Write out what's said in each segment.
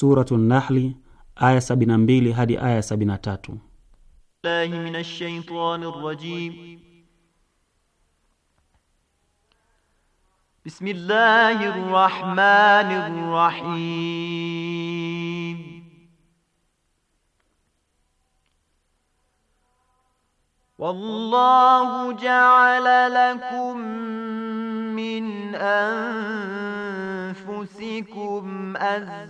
Suratu Nahli aya 72 hadi aya 73. Billahi minash shaitanir rajim. بسم الله الرحمن الرحيم والله جعل لكم من أنفسكم أزواجا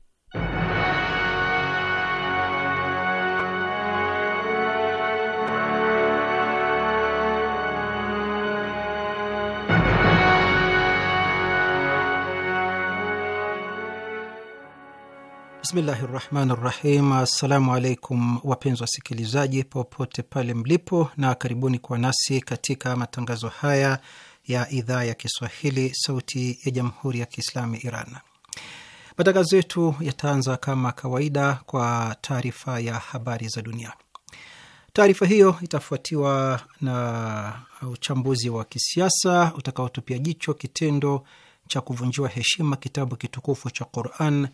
Bismillahi rahmani rahim. Assalamu alaikum wapenzi wasikilizaji popote pale mlipo, na karibuni kwa nasi katika matangazo haya ya idhaa ya Kiswahili sauti ya jamhuri ya Kiislamu ya Iran. Matangazo yetu yataanza kama kawaida kwa taarifa ya habari za dunia. Taarifa hiyo itafuatiwa na uchambuzi wa kisiasa utakaotupia jicho kitendo cha kuvunjiwa heshima kitabu kitukufu cha Quran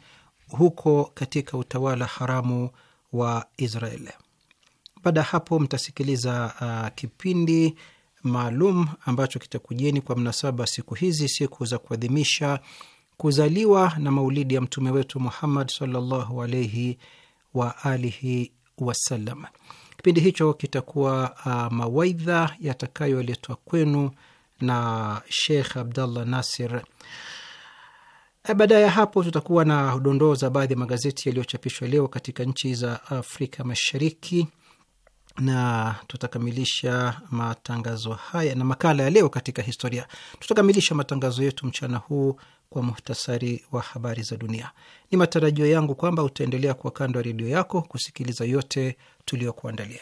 huko katika utawala haramu wa Israel. Baada ya hapo, mtasikiliza uh, kipindi maalum ambacho kitakujeni kwa mnasaba siku hizi, siku za kuadhimisha kuzaliwa na maulidi ya mtume wetu Muhammad sallallahu alaihi wa alihi wasallam. Kipindi hicho kitakuwa uh, mawaidha yatakayoletwa kwenu na Sheikh Abdallah Nasir Eh, baada ya hapo, tutakuwa na dondoo za baadhi ya magazeti yaliyochapishwa leo katika nchi za Afrika Mashariki na tutakamilisha matangazo haya na makala ya leo katika historia. Tutakamilisha matangazo yetu mchana huu kwa muhtasari wa habari za dunia. Ni matarajio yangu kwamba utaendelea kuwa kando ya redio yako kusikiliza yote tuliyokuandalia.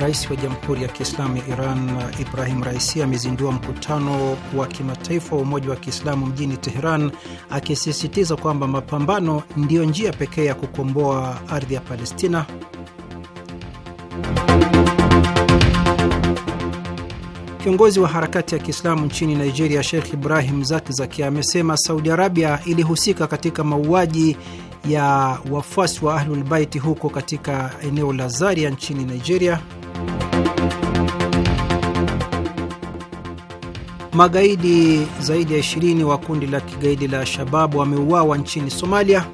Rais wa Jamhuri ya Kiislamu ya Iran uh, Ibrahim Raisi amezindua mkutano wa kimataifa wa Umoja wa Kiislamu mjini Teheran, akisisitiza kwamba mapambano ndiyo njia pekee ya kukomboa ardhi ya Palestina. Kiongozi wa harakati ya Kiislamu nchini Nigeria, Sheikh Ibrahim Zakzaki amesema Saudi Arabia ilihusika katika mauaji ya wafuasi wa Ahlulbaiti huko katika eneo la Zaria nchini Nigeria. Magaidi zaidi ya 20 wa kundi la kigaidi la Shababu wameuawa nchini Somalia.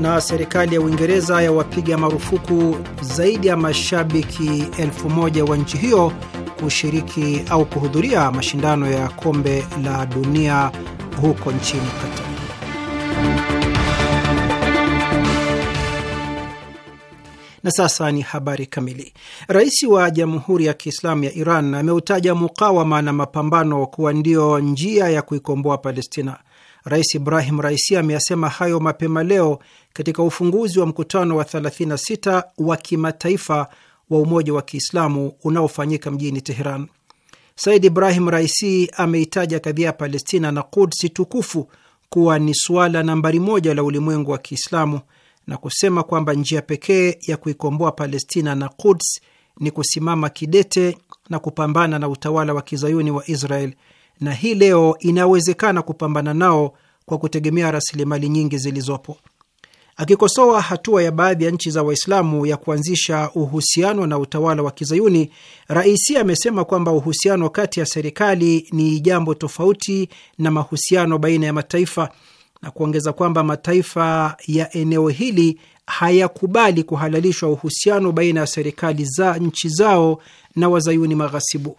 Na serikali ya Uingereza yawapiga marufuku zaidi ya mashabiki elfu moja wa nchi hiyo kushiriki au kuhudhuria mashindano ya kombe la dunia huko nchini Qatar. Na sasa ni habari kamili. Rais wa Jamhuri ya Kiislamu ya Iran ameutaja mukawama na mapambano kuwa ndio njia ya kuikomboa Palestina. Rais Ibrahim Raisi ameyasema hayo mapema leo katika ufunguzi wa mkutano wa 36 wa kimataifa wa Umoja wa Kiislamu unaofanyika mjini Teheran. Said Ibrahim Raisi ameitaja kadhia ya Palestina na Kudsi tukufu kuwa ni suala nambari moja la ulimwengu wa Kiislamu na kusema kwamba njia pekee ya kuikomboa Palestina na Quds ni kusimama kidete na kupambana na utawala wa kizayuni wa Israel, na hii leo inawezekana kupambana nao kwa kutegemea rasilimali nyingi zilizopo. Akikosoa hatua ya baadhi ya nchi za Waislamu ya kuanzisha uhusiano na utawala wa kizayuni, Raisi amesema kwamba uhusiano kati ya serikali ni jambo tofauti na mahusiano baina ya mataifa na kuongeza kwamba mataifa ya eneo hili hayakubali kuhalalishwa uhusiano baina ya serikali za nchi zao na wazayuni maghasibu.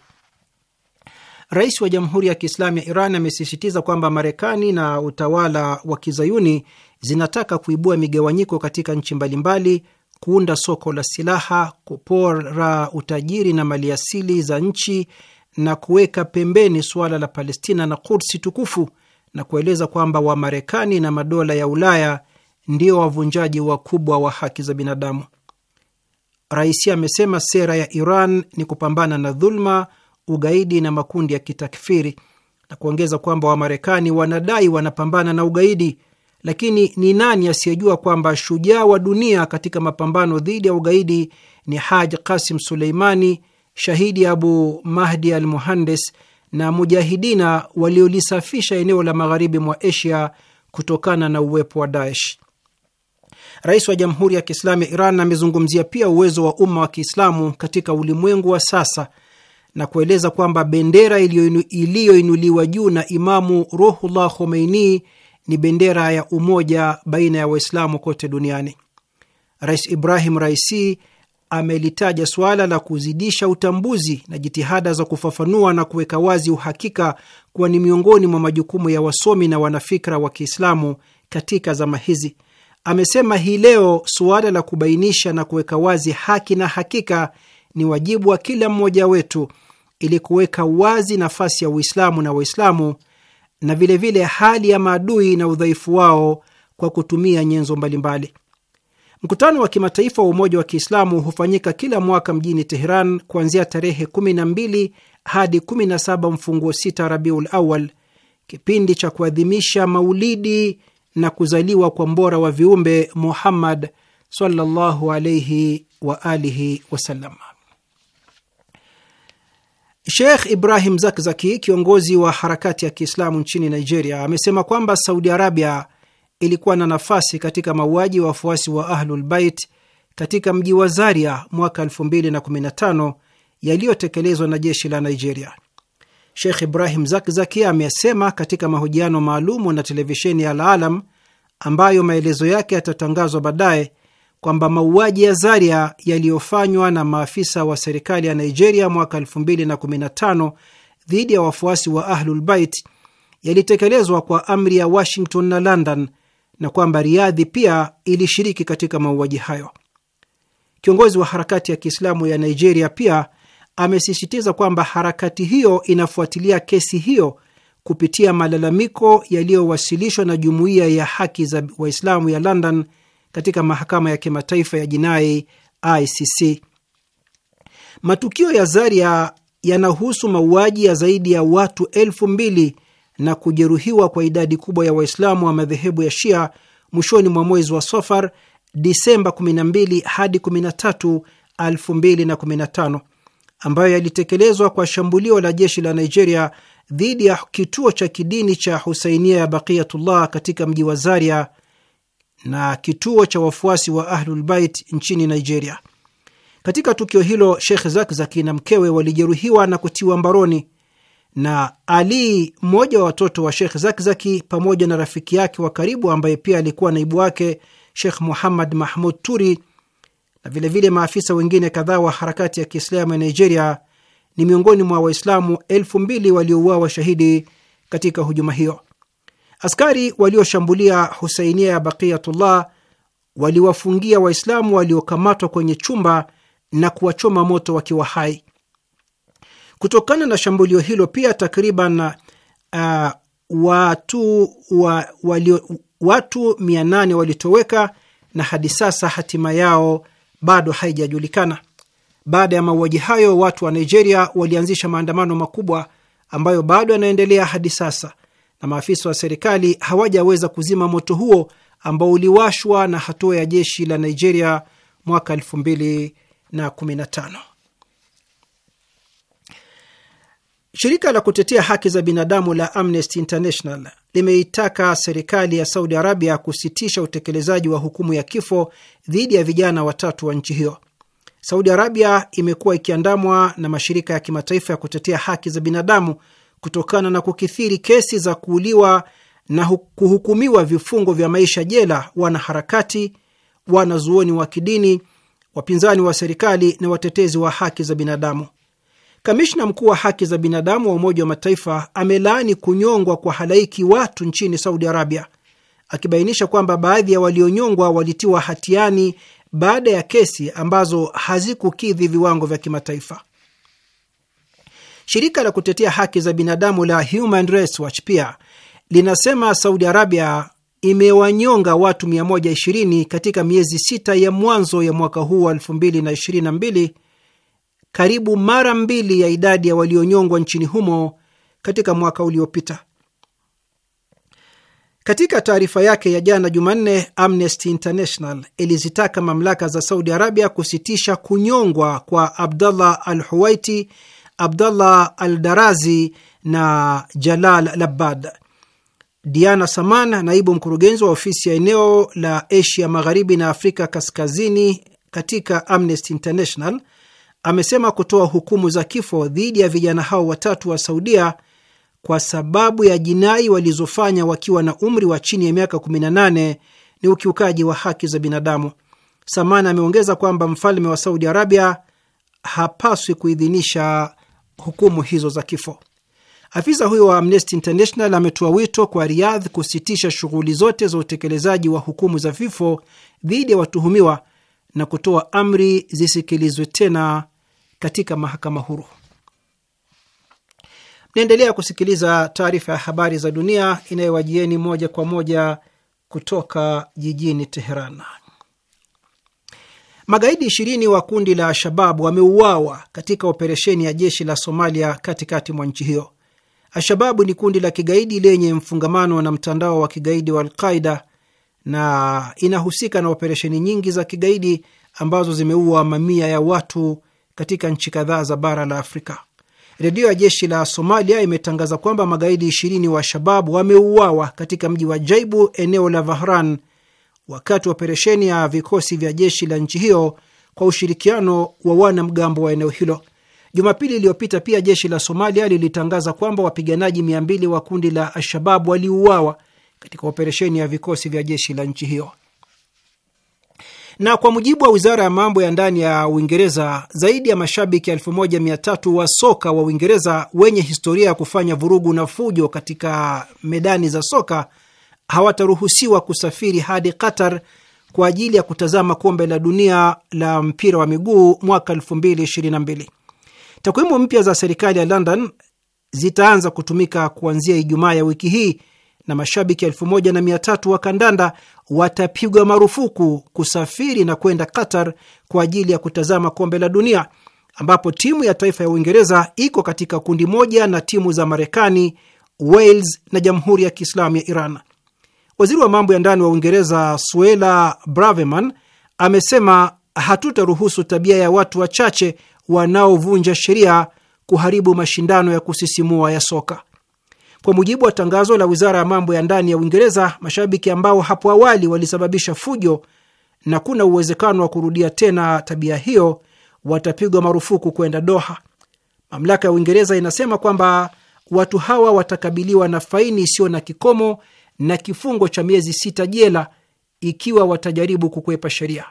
Rais wa Jamhuri ya Kiislamu ya Iran amesisitiza kwamba Marekani na utawala wa kizayuni zinataka kuibua migawanyiko katika nchi mbalimbali, kuunda soko la silaha, kupora utajiri na maliasili za nchi na kuweka pembeni suala la Palestina na Kudsi tukufu na kueleza kwamba Wamarekani na madola ya Ulaya ndio wavunjaji wakubwa wa haki za binadamu. Raisi amesema sera ya Iran ni kupambana na dhuluma, ugaidi na makundi ya kitakfiri na kuongeza kwamba Wamarekani wanadai wanapambana na ugaidi, lakini ni nani asiyejua kwamba shujaa wa dunia katika mapambano dhidi ya ugaidi ni Haj Qasim Suleimani, shahidi Abu Mahdi al Muhandes na mujahidina waliolisafisha eneo la magharibi mwa Asia kutokana na uwepo wa Daesh. Rais wa Jamhuri ya Kiislamu ya Iran amezungumzia pia uwezo wa umma wa Kiislamu katika ulimwengu wa sasa na kueleza kwamba bendera iliyoinuliwa juu na Imamu Ruhullah Khomeini ni bendera ya umoja baina ya Waislamu kote duniani. Rais Ibrahim Raisi amelitaja suala la kuzidisha utambuzi na jitihada za kufafanua na kuweka wazi uhakika kuwa ni miongoni mwa majukumu ya wasomi na wanafikra wa Kiislamu katika zama hizi. Amesema hii leo suala la kubainisha na kuweka wazi haki na hakika ni wajibu wa kila mmoja wetu ili kuweka wazi nafasi ya Uislamu na Waislamu na vilevile vile hali ya maadui na udhaifu wao kwa kutumia nyenzo mbalimbali. Mkutano wa kimataifa wa Umoja wa Kiislamu hufanyika kila mwaka mjini Teheran kuanzia tarehe 12 hadi 17 mfunguo 6 Rabiul Awal, kipindi cha kuadhimisha maulidi na kuzaliwa kwa mbora wa viumbe Muhammad sallallahu alaihi wa alihi wasallam. Sheikh Ibrahim Zakzaki, kiongozi wa harakati ya Kiislamu nchini Nigeria, amesema kwamba Saudi Arabia ilikuwa na nafasi katika mauaji wa wafuasi wa Ahlulbait katika mji wa Zaria mwaka 2015 yaliyotekelezwa na jeshi la Nigeria. Sheikh Ibrahim Zakzaki amesema katika mahojiano maalumu na televisheni ya Alalam ambayo maelezo yake yatatangazwa baadaye kwamba mauaji ya Zaria yaliyofanywa na maafisa wa serikali ya Nigeria mwaka 2015 dhidi ya wafuasi wa Ahlulbait yalitekelezwa kwa amri ya Washington na London na kwamba Riadhi pia ilishiriki katika mauaji hayo. Kiongozi wa harakati ya Kiislamu ya Nigeria pia amesisitiza kwamba harakati hiyo inafuatilia kesi hiyo kupitia malalamiko yaliyowasilishwa na jumuiya ya haki za Waislamu ya London katika mahakama ya kimataifa ya jinai ICC. Matukio ya Zaria yanahusu mauaji ya zaidi ya watu elfu mbili na kujeruhiwa kwa idadi kubwa ya Waislamu wa madhehebu ya Shia mwishoni mwa mwezi wa Safar, Disemba 12 hadi 13, 2015, ambayo yalitekelezwa kwa shambulio la jeshi la Nigeria dhidi ya kituo cha kidini cha Husainia ya Baqiyatullah katika mji wa Zaria na kituo cha wafuasi wa Ahlulbait nchini Nigeria. Katika tukio hilo, Sheikh Zakzaki na mkewe walijeruhiwa na kutiwa mbaroni na Ali, mmoja wa watoto wa Shekh Zakzaki, pamoja na rafiki yake wa karibu ambaye pia alikuwa naibu wake Shekh Muhammad Mahmud Turi, na vilevile vile maafisa wengine kadhaa wa harakati ya Kiislamu ya Nigeria, ni miongoni mwa Waislamu elfu mbili waliouawa shahidi katika hujuma hiyo. Askari walioshambulia Husainia ya Baqiyatullah waliwafungia Waislamu waliokamatwa kwenye chumba na kuwachoma moto wakiwa hai. Kutokana na shambulio hilo pia takriban uh, watu wa, walio, watu 800 walitoweka na hadi sasa hatima yao bado haijajulikana. Baada ya mauaji hayo, watu wa Nigeria walianzisha maandamano makubwa ambayo bado yanaendelea hadi sasa, na maafisa wa serikali hawajaweza kuzima moto huo ambao uliwashwa na hatua ya jeshi la Nigeria mwaka 2015. Shirika la kutetea haki za binadamu la Amnesty International limeitaka serikali ya Saudi Arabia kusitisha utekelezaji wa hukumu ya kifo dhidi ya vijana watatu wa nchi hiyo. Saudi Arabia imekuwa ikiandamwa na mashirika ya kimataifa ya kutetea haki za binadamu kutokana na kukithiri kesi za kuuliwa na kuhukumiwa vifungo vya maisha jela wanaharakati, wanazuoni wa kidini, wapinzani wa serikali na watetezi wa haki za binadamu. Kamishna mkuu wa haki za binadamu wa Umoja wa Mataifa amelaani kunyongwa kwa halaiki watu nchini Saudi Arabia, akibainisha kwamba baadhi ya walionyongwa walitiwa hatiani baada ya kesi ambazo hazikukidhi viwango vya kimataifa. Shirika la kutetea haki za binadamu la Human Rights Watch pia linasema Saudi Arabia imewanyonga watu 120 katika miezi sita ya mwanzo ya mwaka huu wa 2022 karibu mara mbili ya idadi ya walionyongwa nchini humo katika mwaka uliopita. Katika taarifa yake ya jana Jumanne, Amnesty International ilizitaka mamlaka za Saudi Arabia kusitisha kunyongwa kwa Abdallah al Huwaiti, Abdallah al Darazi na Jalal Labbad. Diana Saman, naibu mkurugenzi wa ofisi ya eneo la Asia Magharibi na Afrika Kaskazini katika Amnesty International, amesema kutoa hukumu za kifo dhidi ya vijana hao watatu wa Saudia kwa sababu ya jinai walizofanya wakiwa na umri wa chini ya miaka 18 ni ukiukaji wa haki za binadamu. Samana ameongeza kwamba mfalme wa Saudi Arabia hapaswi kuidhinisha hukumu hizo za kifo. Afisa huyo wa Amnesty International ametoa wito kwa Riyadh kusitisha shughuli zote za utekelezaji wa hukumu za vifo dhidi ya watuhumiwa na kutoa amri zisikilizwe tena katika mahakama huru. Mnaendelea kusikiliza taarifa ya habari za dunia inayowajieni moja kwa moja kutoka jijini Teheran. Magaidi ishirini wa kundi la Alshababu wameuawa katika operesheni ya jeshi la Somalia katikati mwa nchi hiyo. Alshababu ni kundi la kigaidi lenye mfungamano na mtandao wa kigaidi wa Alqaida na inahusika na operesheni nyingi za kigaidi ambazo zimeua mamia ya watu katika nchi kadhaa za bara la Afrika. Redio ya jeshi la Somalia imetangaza kwamba magaidi ishirini wa shabab wameuawa katika mji wa Jaibu, eneo la Vahran, wakati wa operesheni ya vikosi vya jeshi la nchi hiyo kwa ushirikiano wa wanamgambo wa eneo hilo. Jumapili iliyopita pia jeshi la Somalia lilitangaza kwamba wapiganaji mia mbili wa kundi la alshabab waliuawa katika operesheni ya vikosi vya jeshi la nchi hiyo. Na kwa mujibu wa wizara ya mambo ya ndani ya Uingereza, zaidi ya mashabiki 1300 wa soka wa Uingereza wenye historia ya kufanya vurugu na fujo katika medani za soka hawataruhusiwa kusafiri hadi Qatar kwa ajili ya kutazama kombe la dunia la mpira wa miguu mwaka 2022. Takwimu mpya za serikali ya London zitaanza kutumika kuanzia Ijumaa ya wiki hii na mashabiki 13 wa kandanda watapigwa marufuku kusafiri na kwenda Qatar kwa ajili ya kutazama kombe la dunia ambapo timu ya taifa ya Uingereza iko katika kundi moja na timu za Marekani, Wales na Jamhuri ya Kiislamu ya Iran. Waziri wa mambo ya ndani wa Uingereza Suella Braverman amesema hatutaruhusu tabia ya watu wachache wanaovunja sheria kuharibu mashindano ya kusisimua ya soka. Kwa mujibu wa tangazo la wizara ya mambo ya ndani ya Uingereza, mashabiki ambao hapo awali walisababisha fujo na kuna uwezekano wa kurudia tena tabia hiyo watapigwa marufuku kwenda Doha. Mamlaka ya Uingereza inasema kwamba watu hawa watakabiliwa na faini isiyo na kikomo na kifungo cha miezi sita jela ikiwa watajaribu kukwepa sheria.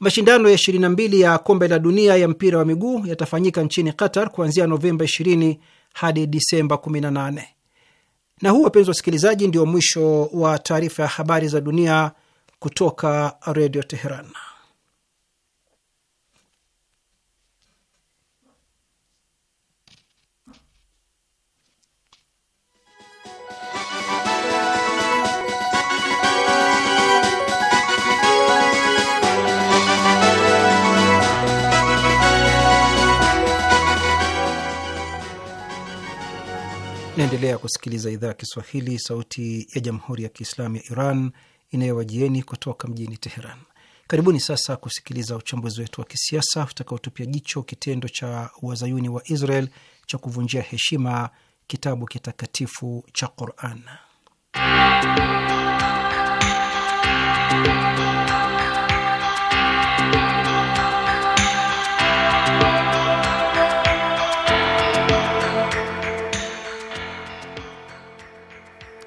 Mashindano ya 22 ya kombe la dunia ya mpira wa miguu yatafanyika nchini Qatar kuanzia Novemba hadi Disemba 18. Na huu, wapenzi wasikilizaji, ndio mwisho wa taarifa ya habari za dunia kutoka Redio Teheran. Naendelea kusikiliza idhaa ya Kiswahili, sauti ya jamhuri ya kiislamu ya Iran inayowajieni kutoka mjini Teheran. Karibuni sasa kusikiliza uchambuzi wetu wa kisiasa utakaotupia jicho kitendo cha wazayuni wa Israel cha kuvunjia heshima kitabu kitakatifu cha Quran.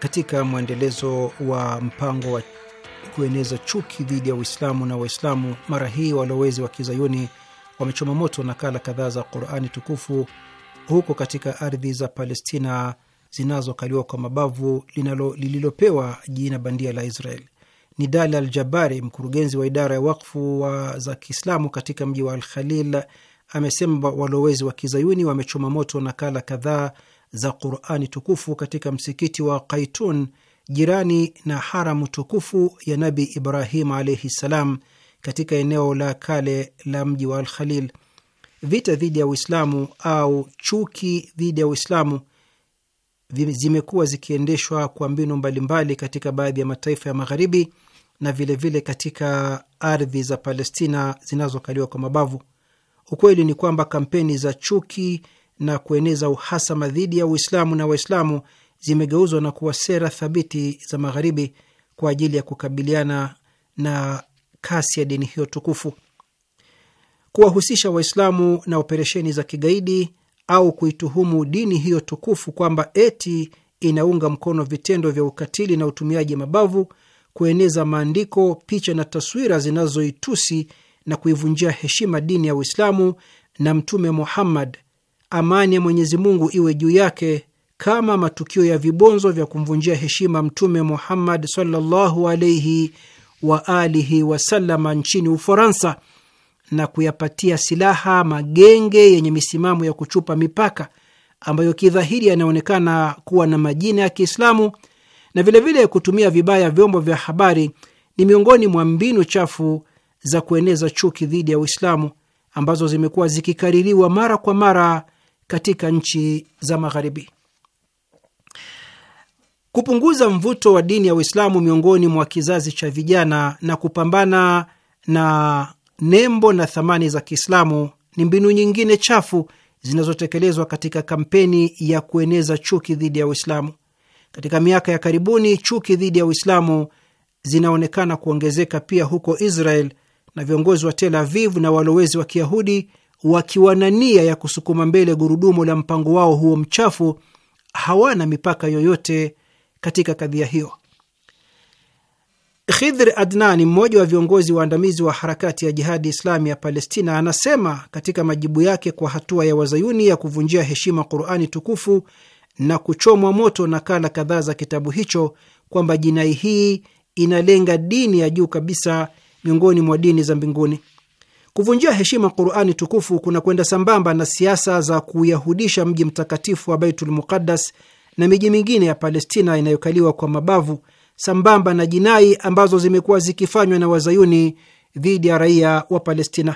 katika mwendelezo wa mpango wa kueneza chuki dhidi ya Uislamu na Waislamu, mara hii walowezi wa kizayuni wamechoma moto nakala kadhaa za Qurani tukufu huko katika ardhi za Palestina zinazokaliwa kwa mabavu linalo, lililopewa jina bandia la Israel. Nidal Al Jabari, mkurugenzi wa idara ya wakfu wa za Kiislamu katika mji wa Al Khalil, amesema walowezi wa kizayuni wamechoma moto nakala kadhaa za Qurani tukufu katika msikiti wa Qaitun jirani na haramu tukufu ya Nabi Ibrahim alaihi ssalam katika eneo la kale la mji wa Alkhalil. Vita dhidi ya Uislamu au chuki dhidi ya Uislamu zimekuwa zikiendeshwa kwa mbinu mbalimbali katika baadhi ya mataifa ya Magharibi na vilevile vile katika ardhi za Palestina zinazokaliwa kwa mabavu. Ukweli ni kwamba kampeni za chuki na kueneza uhasama dhidi ya Uislamu na Waislamu zimegeuzwa na kuwa sera thabiti za Magharibi kwa ajili ya kukabiliana na kasi ya dini hiyo tukufu. Kuwahusisha Waislamu na operesheni za kigaidi au kuituhumu dini hiyo tukufu kwamba eti inaunga mkono vitendo vya ukatili na utumiaji mabavu, kueneza maandiko, picha na taswira zinazoitusi na kuivunjia heshima dini ya Uislamu na Mtume Muhammad amani ya Mwenyezi Mungu iwe juu yake, kama matukio ya vibonzo vya kumvunjia heshima Mtume Muhammad sallallahu alaihi wa alihi wasallama nchini Ufaransa na kuyapatia silaha magenge yenye misimamo ya kuchupa mipaka ambayo kidhahiri yanaonekana kuwa na majina ya Kiislamu na vilevile vile kutumia vibaya vyombo vya habari ni miongoni mwa mbinu chafu za kueneza chuki dhidi ya Uislamu ambazo zimekuwa zikikaririwa mara kwa mara katika nchi za Magharibi. Kupunguza mvuto wa dini ya Uislamu miongoni mwa kizazi cha vijana na kupambana na nembo na thamani za Kiislamu ni mbinu nyingine chafu zinazotekelezwa katika kampeni ya kueneza chuki dhidi ya Uislamu. Katika miaka ya karibuni, chuki dhidi ya Uislamu zinaonekana kuongezeka pia huko Israel, na viongozi wa Tel Aviv na walowezi wa Kiyahudi wakiwa na nia ya kusukuma mbele gurudumu la mpango wao huo mchafu, hawana mipaka yoyote katika kadhia hiyo. Khidhr Adnani, mmoja wa viongozi waandamizi wa harakati ya Jihadi Islami ya Palestina, anasema katika majibu yake kwa hatua ya wazayuni ya kuvunjia heshima Qurani tukufu na kuchomwa moto nakala kadhaa za kitabu hicho kwamba jinai hii inalenga dini ya juu kabisa miongoni mwa dini za mbinguni. Kuvunjia heshima Qurani tukufu kuna kwenda sambamba na siasa za kuyahudisha mji mtakatifu wa Baitul Muqaddas na miji mingine ya Palestina inayokaliwa kwa mabavu, sambamba na jinai ambazo zimekuwa zikifanywa na wazayuni dhidi ya raia wa Palestina.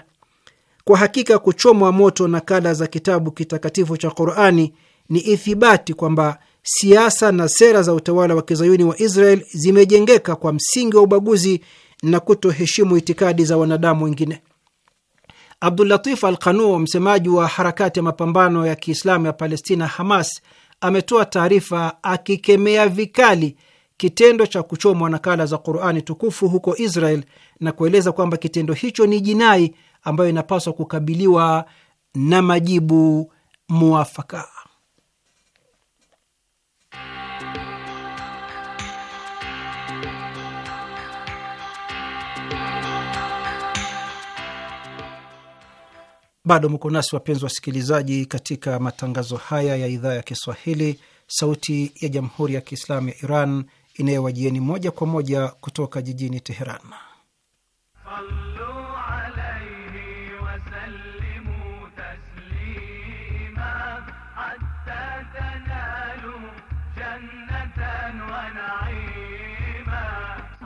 Kwa hakika kuchomwa moto nakala za kitabu kitakatifu cha Qurani ni ithibati kwamba siasa na sera za utawala wa kizayuni wa Israel zimejengeka kwa msingi wa ubaguzi na kutoheshimu itikadi za wanadamu wengine. Abdulatif Al Qanu, msemaji wa harakati ya mapambano ya Kiislamu ya Palestina, Hamas, ametoa taarifa akikemea vikali kitendo cha kuchomwa nakala za Qurani tukufu huko Israel na kueleza kwamba kitendo hicho ni jinai ambayo inapaswa kukabiliwa na majibu muafaka. Bado mko nasi wapenzi wasikilizaji, katika matangazo haya ya idhaa ya Kiswahili, Sauti ya Jamhuri ya Kiislamu ya Iran inayowajieni moja kwa moja kutoka jijini Teheran.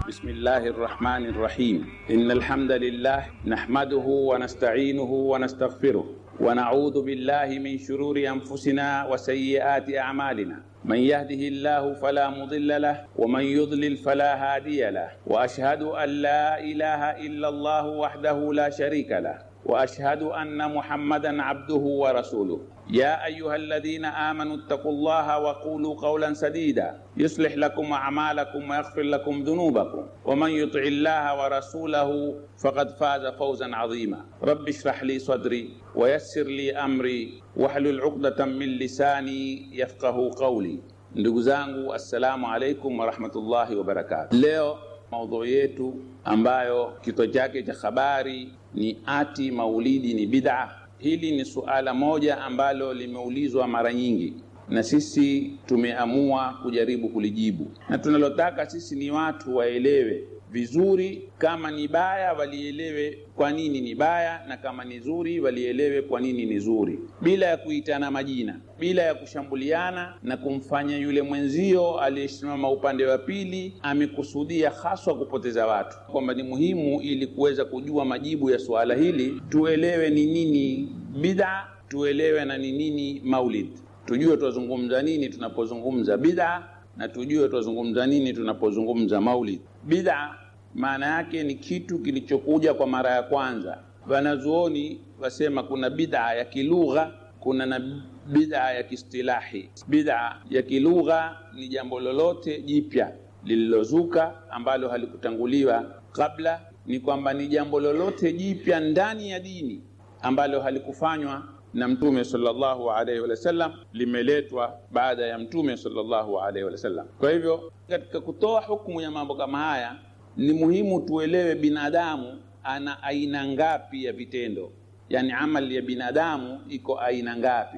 بسم الله الرحمن الرحيم إن الحمد لله نحمده ونستعينه ونستغفره ونعوذ بالله من شرور أنفسنا وسيئات أعمالنا من يهده الله فلا مضل له ومن يضلل فلا هادي له وأشهد أن لا إله إلا الله وحده لا شريك له وأشهد أن محمدا عبده ورسوله يا أيها الذين آمنوا اتقوا الله وقولوا قولا سديدا يصلح لكم أعمالكم ويغفر لكم ذنوبكم ومن يطع الله ورسوله فقد فاز فوزا عظيما رب اشرح لي صدري ويسر لي أمري واحلل عقدة من لساني يفقه قولي ndugu السلام عليكم ورحمه الله وبركاته leo موضوعيتو ambayo kichwa cha habari ni ati maulidi ni bid'a Hili ni suala moja ambalo limeulizwa mara nyingi na sisi tumeamua kujaribu kulijibu, na tunalotaka sisi ni watu waelewe vizuri. Kama ni baya walielewe kwa nini ni baya, na kama ni zuri walielewe kwa nini ni zuri, bila ya kuitana majina bila ya kushambuliana na kumfanya yule mwenzio aliyesimama upande wa pili amekusudia haswa kupoteza watu, kwamba ni muhimu ili kuweza kujua majibu ya suala hili, tuelewe ni nini bidha, tuelewe na ni nini maulid, tujue twazungumza nini tunapozungumza bidha na tujue twazungumza nini tunapozungumza maulid. Bidha maana yake ni kitu kilichokuja kwa mara ya kwanza. Wanazuoni wasema kuna bidhaa ya kilugha, kuna na bid'a ya kistilahi. Bid'a ya kilugha ni jambo lolote jipya lililozuka ambalo halikutanguliwa kabla, ni kwamba ni jambo lolote jipya ndani ya dini ambalo halikufanywa na Mtume sallallahu alaihi wasallam, limeletwa baada ya Mtume sallallahu alaihi wasallam. Kwa hivyo katika kutoa hukumu ya mambo kama haya ni muhimu tuelewe binadamu ana aina ngapi ya vitendo, yani amali ya binadamu iko aina ngapi?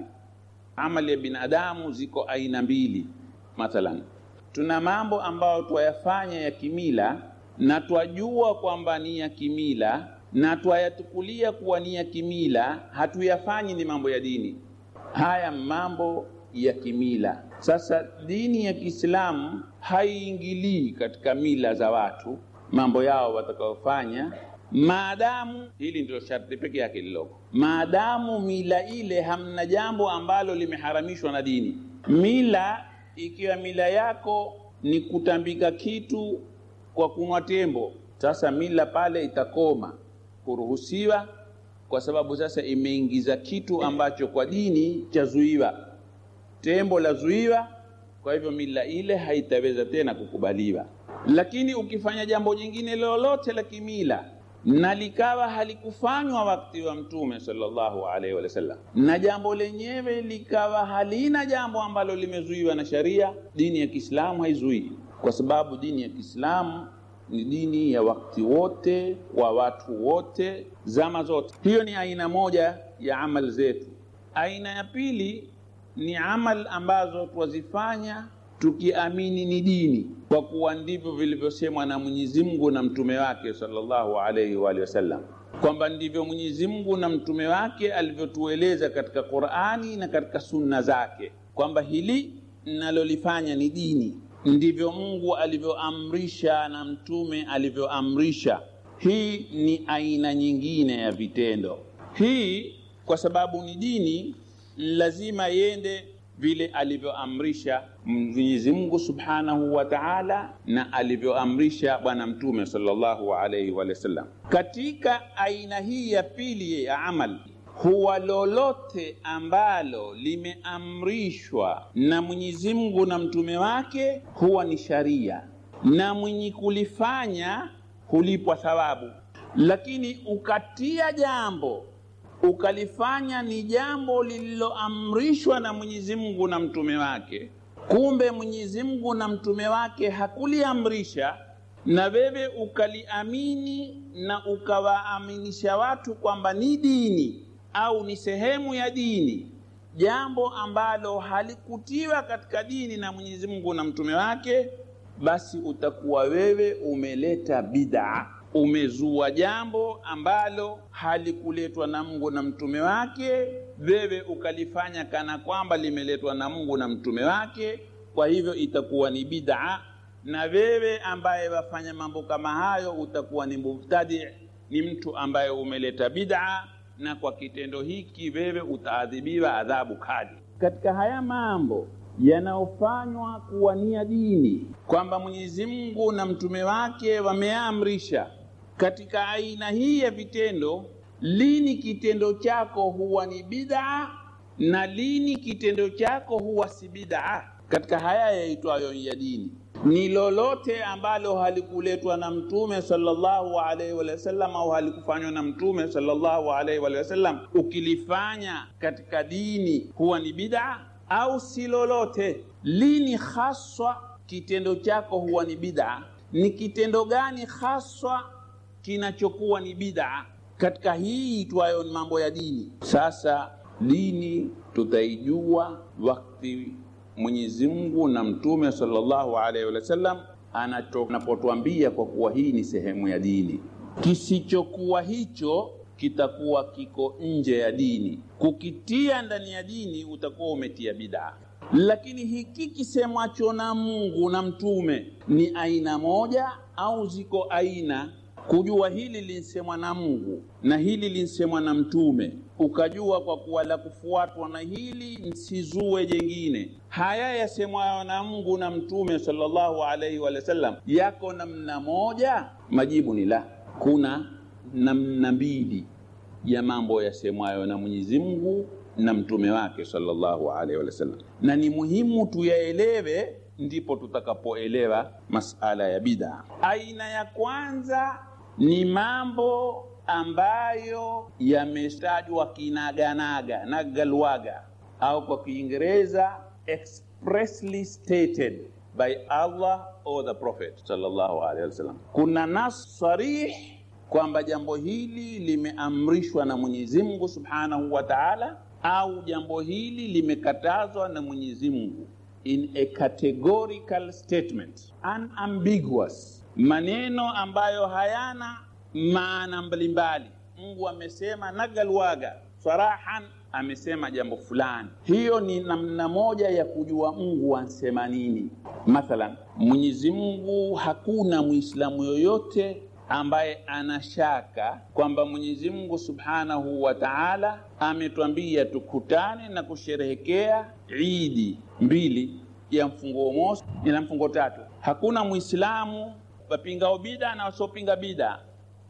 amali ya binadamu ziko aina mbili. Mathalan, tuna mambo ambayo twayafanya ya kimila na twajua kwamba ni ya kimila na twayatukulia kuwa ni ya kimila, hatuyafanyi ni mambo ya dini. Haya mambo ya kimila. Sasa dini ya Kiislamu haiingilii katika mila za watu, mambo yao watakayofanya maadamu hili ndilo sharti peke yake liloko, maadamu mila ile hamna jambo ambalo limeharamishwa na dini. Mila ikiwa mila yako ni kutambika kitu kwa kunwa tembo, sasa mila pale itakoma kuruhusiwa, kwa sababu sasa imeingiza kitu ambacho kwa dini chazuiwa. Tembo lazuiwa, kwa hivyo mila ile haitaweza tena kukubaliwa. Lakini ukifanya jambo jingine lolote la kimila na likawa halikufanywa wakati wa Mtume sallallahu alaihi wasallam, na jambo lenyewe likawa halina jambo ambalo limezuiwa na sharia. Dini ya Kiislamu haizuii, kwa sababu dini ya Kiislamu ni dini ya wakati wote wa watu wote, zama zote. Hiyo ni aina moja ya amal zetu. Aina ya pili ni amal ambazo twazifanya tukiamini ni dini, kwa kuwa ndivyo vilivyosemwa na Mwenyezi Mungu na mtume wake sallallahu alaihi wa alihi wasallam, kwamba ndivyo Mwenyezi Mungu na mtume wake alivyotueleza katika Qur'ani na katika sunna zake kwamba hili nalolifanya ni dini, ndivyo Mungu alivyoamrisha na mtume alivyoamrisha. Hii ni aina nyingine ya vitendo. Hii kwa sababu ni dini, lazima yende vile alivyoamrisha Mwenyezi Mungu Subhanahu wa Ta'ala na alivyoamrisha Bwana Mtume sallallahu alayhi wa sallam. Katika aina hii ya pili ya amali huwa lolote ambalo limeamrishwa na Mwenyezi Mungu na mtume wake huwa ni sharia, na mwenye kulifanya hulipwa thawabu. Lakini ukatia jambo ukalifanya ni jambo lililoamrishwa na Mwenyezi Mungu na mtume wake Kumbe Mwenyezi Mungu na mtume wake hakuliamrisha na wewe ukaliamini na ukawaaminisha watu kwamba ni dini au ni sehemu ya dini, jambo ambalo halikutiwa katika dini na Mwenyezi Mungu na mtume wake, basi utakuwa wewe umeleta bid'a umezua jambo ambalo halikuletwa na Mungu na mtume wake, wewe ukalifanya kana kwamba limeletwa na Mungu na mtume wake. Kwa hivyo itakuwa ni bid'a, na wewe ambaye wafanya mambo kama hayo utakuwa ni mubtadi, ni mtu ambaye umeleta bid'a, na kwa kitendo hiki wewe utaadhibiwa adhabu kali. Katika haya mambo yanayofanywa kuwania dini kwamba Mwenyezi Mungu na mtume wake wameamrisha katika aina hii ya vitendo, lini kitendo chako huwa ni bidhaa na lini kitendo chako huwa si bidhaa Katika haya yaitwayo ya dini ni lolote ambalo halikuletwa na Mtume sallallahu alaihi wasallam au halikufanywa na Mtume sallallahu alaihi wasallam, ukilifanya katika dini huwa ni bidhaa au si lolote. Lini haswa kitendo chako huwa ni bidhaa Ni kitendo gani haswa kinachokuwa ni bid'a katika hii itwayo ni mambo ya dini. Sasa dini tutaijua wakati Mwenyezi Mungu na Mtume sallallahu alaihi wasallam anapotuambia kwa kuwa hii ni sehemu ya dini. Kisichokuwa hicho kitakuwa kiko nje ya dini. Kukitia ndani ya dini utakuwa umetia bidaa. Lakini hiki kisemwacho na Mungu na Mtume ni aina moja au ziko aina kujua hili linsemwa na Mungu na hili linsemwa na Mtume, ukajua kwa kuwa la kufuatwa na hili, msizue jengine. Haya yasemwayo na Mungu na Mtume sallallahu alaihi wa sallam yako namna moja? Majibu ni la. Kuna namna mbili ya mambo yasemwayo na Mwenyezi Mungu na mtume wake sallallahu alaihi wa sallam, na ni muhimu tuyaelewe ndipo tutakapoelewa masala ya bidaa. Aina ya kwanza ni mambo ambayo yametajwa kinaganaga nagalwaga au kwa kiingereza expressly stated by allah or the prophet sallallahu alaihi wasallam kuna nas sarih kwamba jambo hili limeamrishwa na mwenyezi mungu subhanahu wa taala au jambo hili limekatazwa na mwenyezi mungu in a categorical statement unambiguous maneno ambayo hayana maana mbalimbali. Mungu amesema nagalwaga sarahan, amesema jambo fulani. Hiyo ni namna moja ya kujua Mungu ansema nini. Mathalan, Mwenyezi Mungu, hakuna mwislamu yoyote ambaye anashaka kwamba Mwenyezi Mungu Subhanahu wa Ta'ala ametwambia tukutane na kusherehekea Idi mbili ya mfungo mosi na mfungo tatu. Hakuna mwislamu wapinga ubida na wasiopinga bida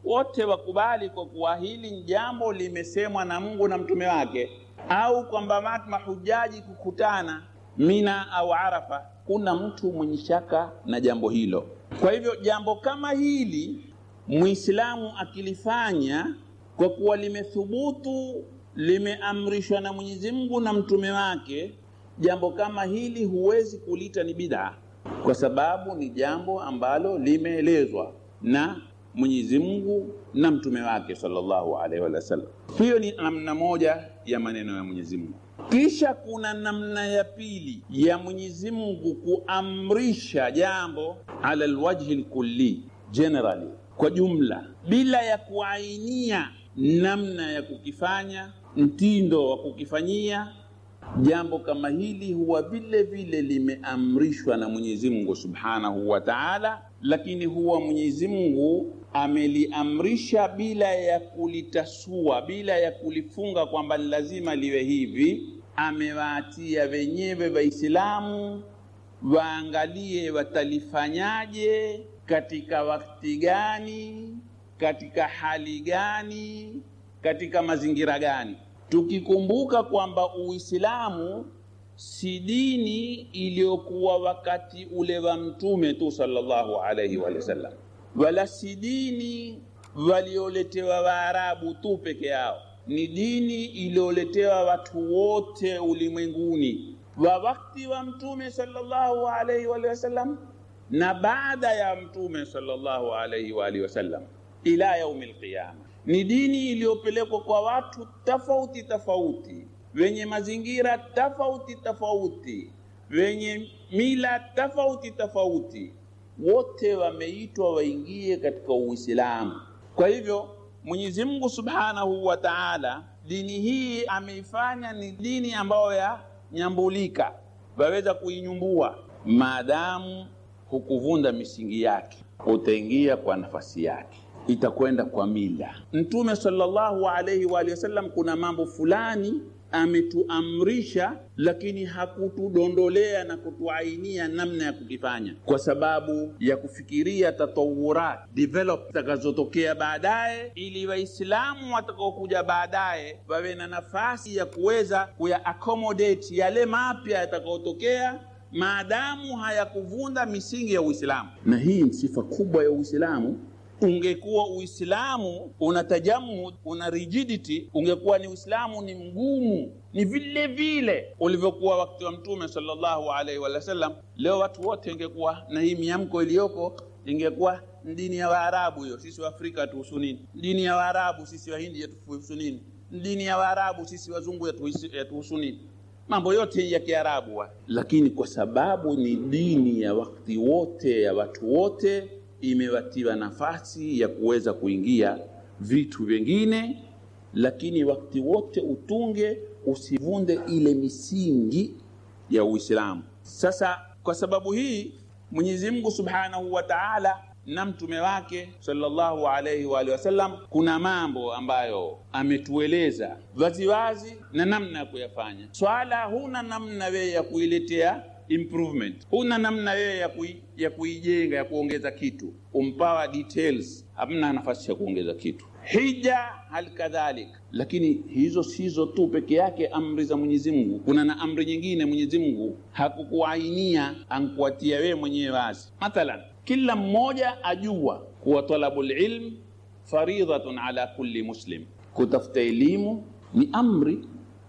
wote wakubali kwa kuwa hili jambo limesemwa na Mungu na mtume wake, au kwamba watu mahujaji kukutana Mina au Arafa, kuna mtu mwenye shaka na jambo hilo. Kwa hivyo jambo kama hili Muislamu akilifanya kwa kuwa limethubutu, limeamrishwa na Mwenyezi Mungu na mtume wake, jambo kama hili huwezi kulita ni bidhaa kwa sababu ni jambo ambalo limeelezwa na Mwenyezi Mungu na mtume wake sallallahu alaihi sallam. Hiyo ni namna moja ya maneno ya Mwenyezi Mungu. Kisha kuna namna ya pili ya Mwenyezi Mungu kuamrisha jambo ala alwajhi lkulli, generally, kwa jumla, bila ya kuainia namna ya kukifanya, mtindo wa kukifanyia Jambo kama hili huwa vile vile limeamrishwa na Mwenyezi Mungu Subhanahu wa Ta'ala, lakini huwa Mwenyezi Mungu ameliamrisha bila ya kulitasua, bila ya kulifunga kwamba ni lazima liwe hivi. Amewaatia wenyewe Waislamu waangalie watalifanyaje, katika wakati gani, katika hali gani, katika mazingira gani tukikumbuka kwamba uislamu si dini iliyokuwa wakati ule wa mtume tu sallallahu alaihi wa sallam, wala si dini walioletewa Waarabu tu peke yao, ni dini iliyoletewa watu wote ulimwenguni wa wakati wa mtume sallallahu alaihi wa sallam na baada ya mtume sallallahu alaihi wa sallam ila yaumil qiyama ni dini iliyopelekwa kwa watu tofauti tofauti, wenye mazingira tofauti tofauti, wenye mila tofauti tofauti, wote wameitwa waingie katika Uislamu. Kwa hivyo Mwenyezi Mungu Subhanahu wa Ta'ala, dini hii ameifanya ni dini ambayo ya nyambulika, waweza kuinyumbua maadamu hukuvunda misingi yake, utaingia kwa nafasi yake itakwenda kwa mila. Mtume sallallahu alayhi wa alihi kuna mambo fulani ametuamrisha, lakini hakutudondolea na kutuainia namna ya kukifanya, kwa sababu ya kufikiria tatawurat develop zitakazotokea baadaye, ili Waislamu watakaokuja baadaye wawe na nafasi ya kuweza kuya accommodate yale mapya yatakayotokea maadamu hayakuvunda misingi ya Uislamu. Na hii ni sifa kubwa ya Uislamu Ungekuwa Uislamu una tajamud una rigidity, ungekuwa ni Uislamu ni mgumu, ni vile vile ulivyokuwa wakati wa Mtume sallallahu alaihi wa sallam. Leo watu wote ingekuwa na hii miamko iliyoko, ingekuwa dini ya Waarabu hiyo. Sisi Waafrika tuhusu nini? Dini ya Waarabu sisi Wahindi yatuhusu nini? Dini ya Waarabu sisi Wazungu yatuhusu nini? Mambo yote ya Kiarabu, lakini kwa sababu ni dini ya wakati wote ya watu wote imewatiwa nafasi ya kuweza kuingia vitu vingine, lakini wakati wote utunge, usivunde ile misingi ya Uislamu. Sasa kwa sababu hii Mwenyezi Mungu Subhanahu wa Ta'ala na mtume wake sallallahu alayhi wa alihi wasallam, kuna mambo ambayo ametueleza waziwazi na namna ya kuyafanya. Swala huna namna wewe ya kuiletea improvement, huna namna yeye ya, kui, ya kuijenga ya kuongeza kitu, umpawa details, hamna nafasi ya kuongeza kitu. Hija kadhalik lakini hizo sizo tu peke yake amri za Mwenyezi Mungu. Kuna na amri nyingine Mwenyezi Mungu hakukuainia, ankuatia wewe mwenyewe wazi. Mathalan, kila mmoja ajua kuwa talabul ilm faridhatun ala kulli muslim, kutafuta elimu ni amri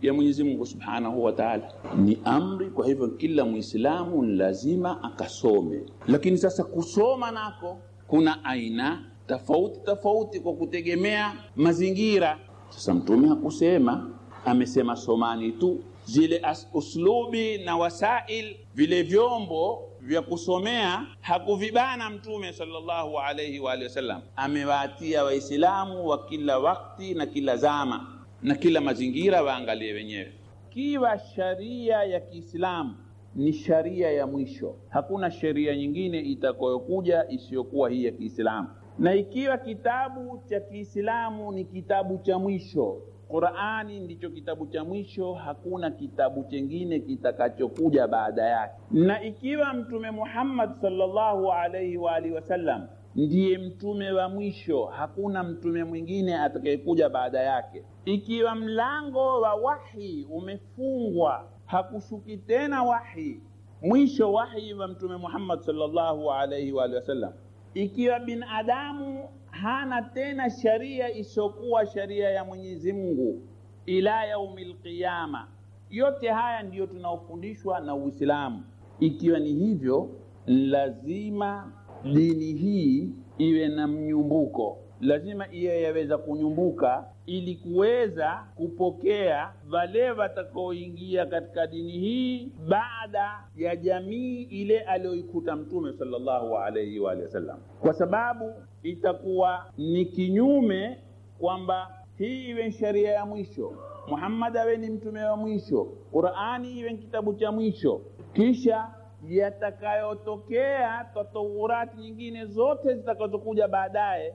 ya Mwenyezi Mungu Subhanahu wa Ta'ala. Ni amri, kwa hivyo kila Muislamu lazima akasome. Lakini sasa kusoma nako kuna aina tofauti tofauti kwa kutegemea mazingira. Sasa Mtume hakusema, amesema somani tu. Zile uslubi na wasail, vile vyombo vya kusomea hakuvibana Mtume sallallahu alayhi wa alihi wasallam, amewaatia Waislamu wa kila wakati na kila zama na kila mazingira waangalie wenyewe. Kiwa sharia ya Kiislamu ni sharia ya mwisho, hakuna sharia nyingine itakayokuja isiyokuwa hii ya Kiislamu. Na ikiwa kitabu cha Kiislamu ni kitabu cha mwisho, Qurani ndicho kitabu cha mwisho, hakuna kitabu chengine kitakachokuja baada yake. Na ikiwa Mtume Muhammad sallallahu alaihi wa alihi wasallam ndiye mtume wa mwisho, hakuna mtume mwingine atakayekuja baada yake. Ikiwa mlango wa wahi umefungwa, hakushuki tena wahi, mwisho wahi wa Mtume Muhammad sallallahu alaihi wa wasallam. Ikiwa binadamu hana tena sharia isiyokuwa sharia ya Mwenyezi Mungu ila yaumil qiyama. Yote haya ndiyo tunaofundishwa na Uislamu. Ikiwa ni hivyo, lazima Mm. dini hii iwe na mnyumbuko lazima iye yaweza kunyumbuka ili kuweza kupokea wale watakaoingia katika dini hii baada ya jamii ile aliyoikuta mtume sallallahu alaihi wa wasallam kwa sababu itakuwa ni kinyume kwamba hii iwe sheria ya mwisho muhammad awe ni mtume wa mwisho qurani iwe kitabu cha mwisho kisha yatakayotokea kwa taurati nyingine zote zitakazokuja baadaye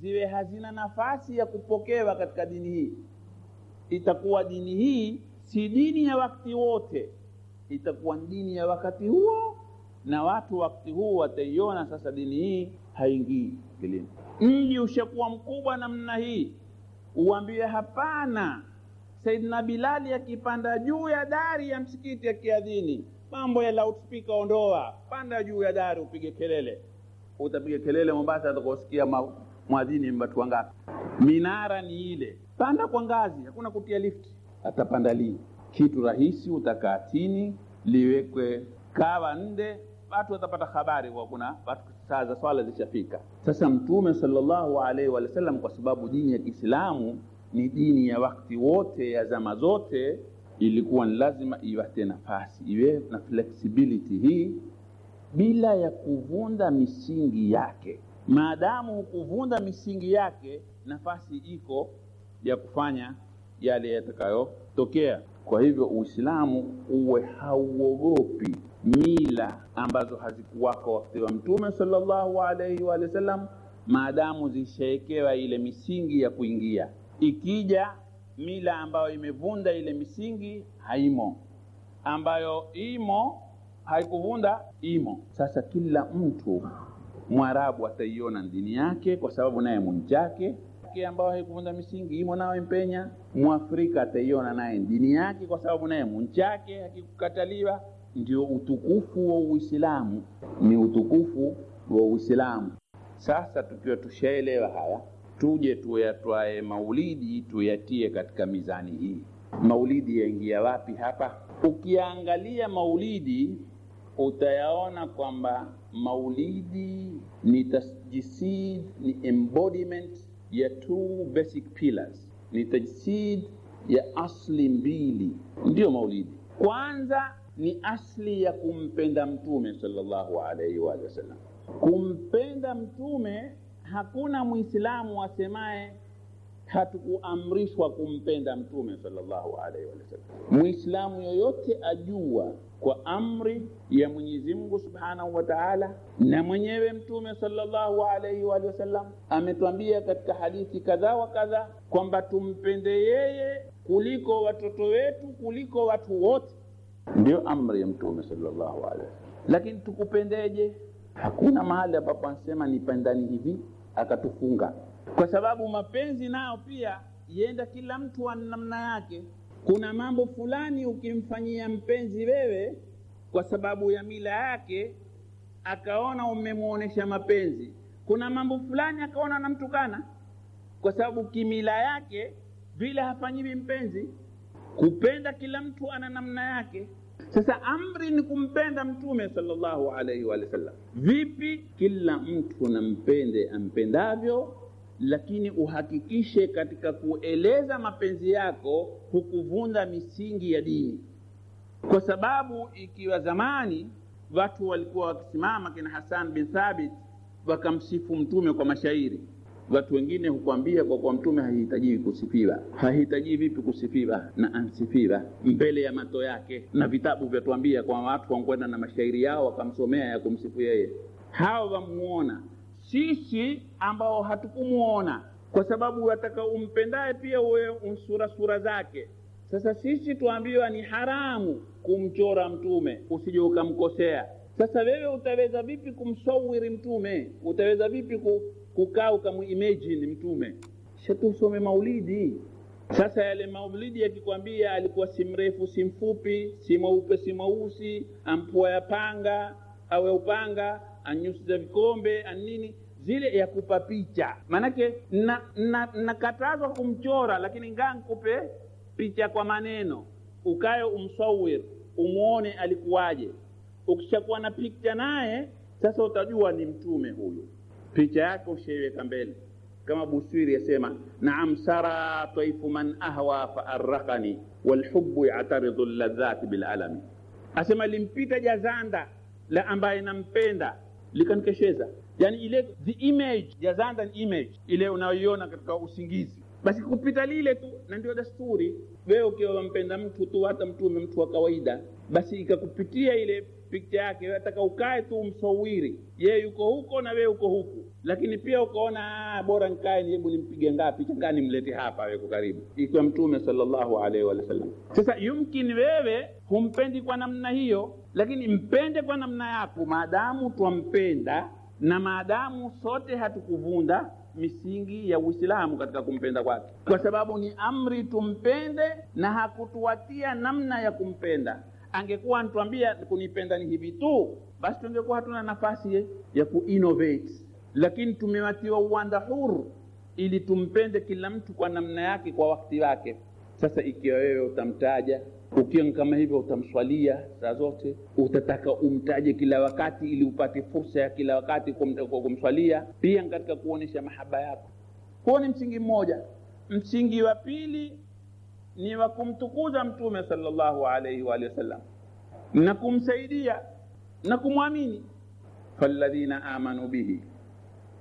ziwe hazina nafasi ya kupokewa katika dini hii. Itakuwa dini hii si dini ya wakati wote, itakuwa ni dini ya wakati huo, na watu wakati huo wataiona sasa dini hii haingii kilini. Mji ushakuwa mkubwa namna hii, uambie hapana. Saidina Bilali akipanda juu ya dari ya msikiti akiadhini mambo ya loudspeaker ondoa, panda juu ya dari upige kelele. Utapiga kelele Mombasa, atakusikia mwadhini watu wangapi? Minara ni ile, panda kwa ngazi, hakuna kutia lifti. Atapanda lini? Kitu rahisi, utakaa chini, liwekwe kawa nde, watu watapata habari kwa kuna watu, saa za swala zishafika. Sasa Mtume sallallahu alaihi wasallam, kwa sababu dini ya Kiislamu ni dini ya wakati wote, ya zama zote ilikuwa lazima iwate nafasi, iwe na flexibility hii bila ya kuvunda misingi yake. Maadamu hukuvunda misingi yake, nafasi iko ya kufanya yale yatakayotokea. Kwa hivyo Uislamu uwe hauogopi mila ambazo hazikuwako wakati wa Mtume sallallahu alaihi wa sallam, maadamu zishaekewa ile misingi ya kuingia, ikija mila ambayo imevunda ile misingi haimo, ambayo imo haikuvunda imo. Sasa kila mtu Mwarabu ataiona dini yake, kwa sababu naye munjake ambayo haikuvunda misingi imo nayo mpenya. Mwafrika ataiona naye dini yake, kwa sababu naye munjake akikukataliwa Ndio utukufu wa Uislamu, ni utukufu wa Uislamu. Sasa tukiwa tushaelewa haya tuje tuyatwae maulidi tuyatie katika mizani hii. Maulidi yaingia wapi hapa? Ukiangalia maulidi utayaona kwamba maulidi ni tajsid, ni embodiment ya two basic pillars, ni tajsid ya asli mbili, ndiyo maulidi. Kwanza ni asli ya kumpenda Mtume sallallahu alaihi wa sallam, kumpenda Mtume hakuna Muislamu asemaye hatukuamrishwa kumpenda Mtume sallallahu alaihi wasallam. Muislamu yoyote ajua kwa amri ya Mwenyezi Mungu subhanahu wa taala, na mwenyewe Mtume sallallahu alaihi wasallam ametwambia katika hadithi kadha wa kadha kwamba tumpende yeye kuliko watoto wetu, kuliko watu wote. Ndiyo amri ya Mtume sallallahu alaihi wasallam. Lakini tukupendeje? Hakuna mahali ambapo anasema nipendani hivi akatufunga, kwa sababu mapenzi nayo pia yenda kila mtu ana namna yake. Kuna mambo fulani ukimfanyia mpenzi wewe kwa sababu ya mila yake akaona umemwonyesha mapenzi, kuna mambo fulani akaona namtukana kwa sababu kimila yake vile hafanyiwi mpenzi. Kupenda kila mtu ana namna yake. Sasa amri ni kumpenda Mtume sallallahu alaihi wa sallam. Vipi? Kila mtu nampende ampendavyo, lakini uhakikishe katika kueleza mapenzi yako hukuvunja misingi ya dini, kwa sababu ikiwa zamani watu walikuwa wakisimama kina Hasan bin Thabit wakamsifu Mtume kwa mashairi Watu wengine hukwambia kwa kuwa mtume hahitajiwi kusifiwa. Hahitaji vipi kusifiwa? Na ansifiwa mbele ya mato yake, na vitabu vyatuambia kwa watu wankwenda na mashairi yao wakamsomea ya kumsifu yeye. Hawa wamuona sisi ambao hatukumuona, kwa sababu wataka umpendaye pia uwe unsura sura zake. Sasa sisi tuambiwa ni haramu kumchora mtume, usije ukamkosea. Sasa wewe utaweza vipi kumsawiri mtume? Utaweza vipi ku kukaa ukamuimagine mtume shatusome maulidi sasa yale maulidi yakikwambia alikuwa si mrefu si mfupi si mweupe si mweusi ampua ya panga awe upanga anyusiza vikombe anini zile yakupa picha maanake nakatazwa na, na kumchora lakini ngaa nkupe picha kwa maneno ukayo umswawir umwone alikuwaje ukishakuwa na pikcha naye sasa utajua ni mtume huyu picha yake ushaiweka mbele kama busiri yasema naam sara taifu man ahwa faarakani walhubu yataridhu ladhati bilalami asema limpita jazanda la ambaye nampenda likanikesheza yani ile the image jazanda ni image ile unayoiona katika usingizi basi kupita lile tu na ndio dasturi wewe ukiwa wampenda mtu tu hata mtume mtu wa kawaida basi ikakupitia ile picha yake, ataka ukae tu umsawiri, yeye yuko huko na wewe uko huku, lakini pia ukaona ah, bora nikae, hebu nimpige ngapi picha, nimlete hapa, wewe karibu, ikiwa Mtume sallallahu alaihi sallam. Sasa yumkini wewe humpendi kwa namna hiyo, lakini mpende kwa namna yako, maadamu twampenda na maadamu sote hatukuvunda misingi ya Uislamu katika kumpenda kwake, kwa sababu ni amri tumpende, na hakutuwatia namna ya kumpenda. Angekuwa anatuambia kunipenda ni hivi tu, basi tungekuwa hatuna nafasi ya kuinnovate, lakini tumewatiwa uwanda huru ili tumpende kila mtu kwa namna yake, kwa wakati wake. Sasa ikiwa wewe utamtaja ukiwa kama hivyo, utamswalia saa zote, utataka umtaje kila wakati, ili upate fursa ya kila wakati kumswalia, pia katika kuonyesha mahaba yako. Huo ni msingi mmoja. Msingi wa pili ni wa kumtukuza mtume sallallahu alayhi wa sallam na kumsaidia na kumwamini falladhina amanu bihi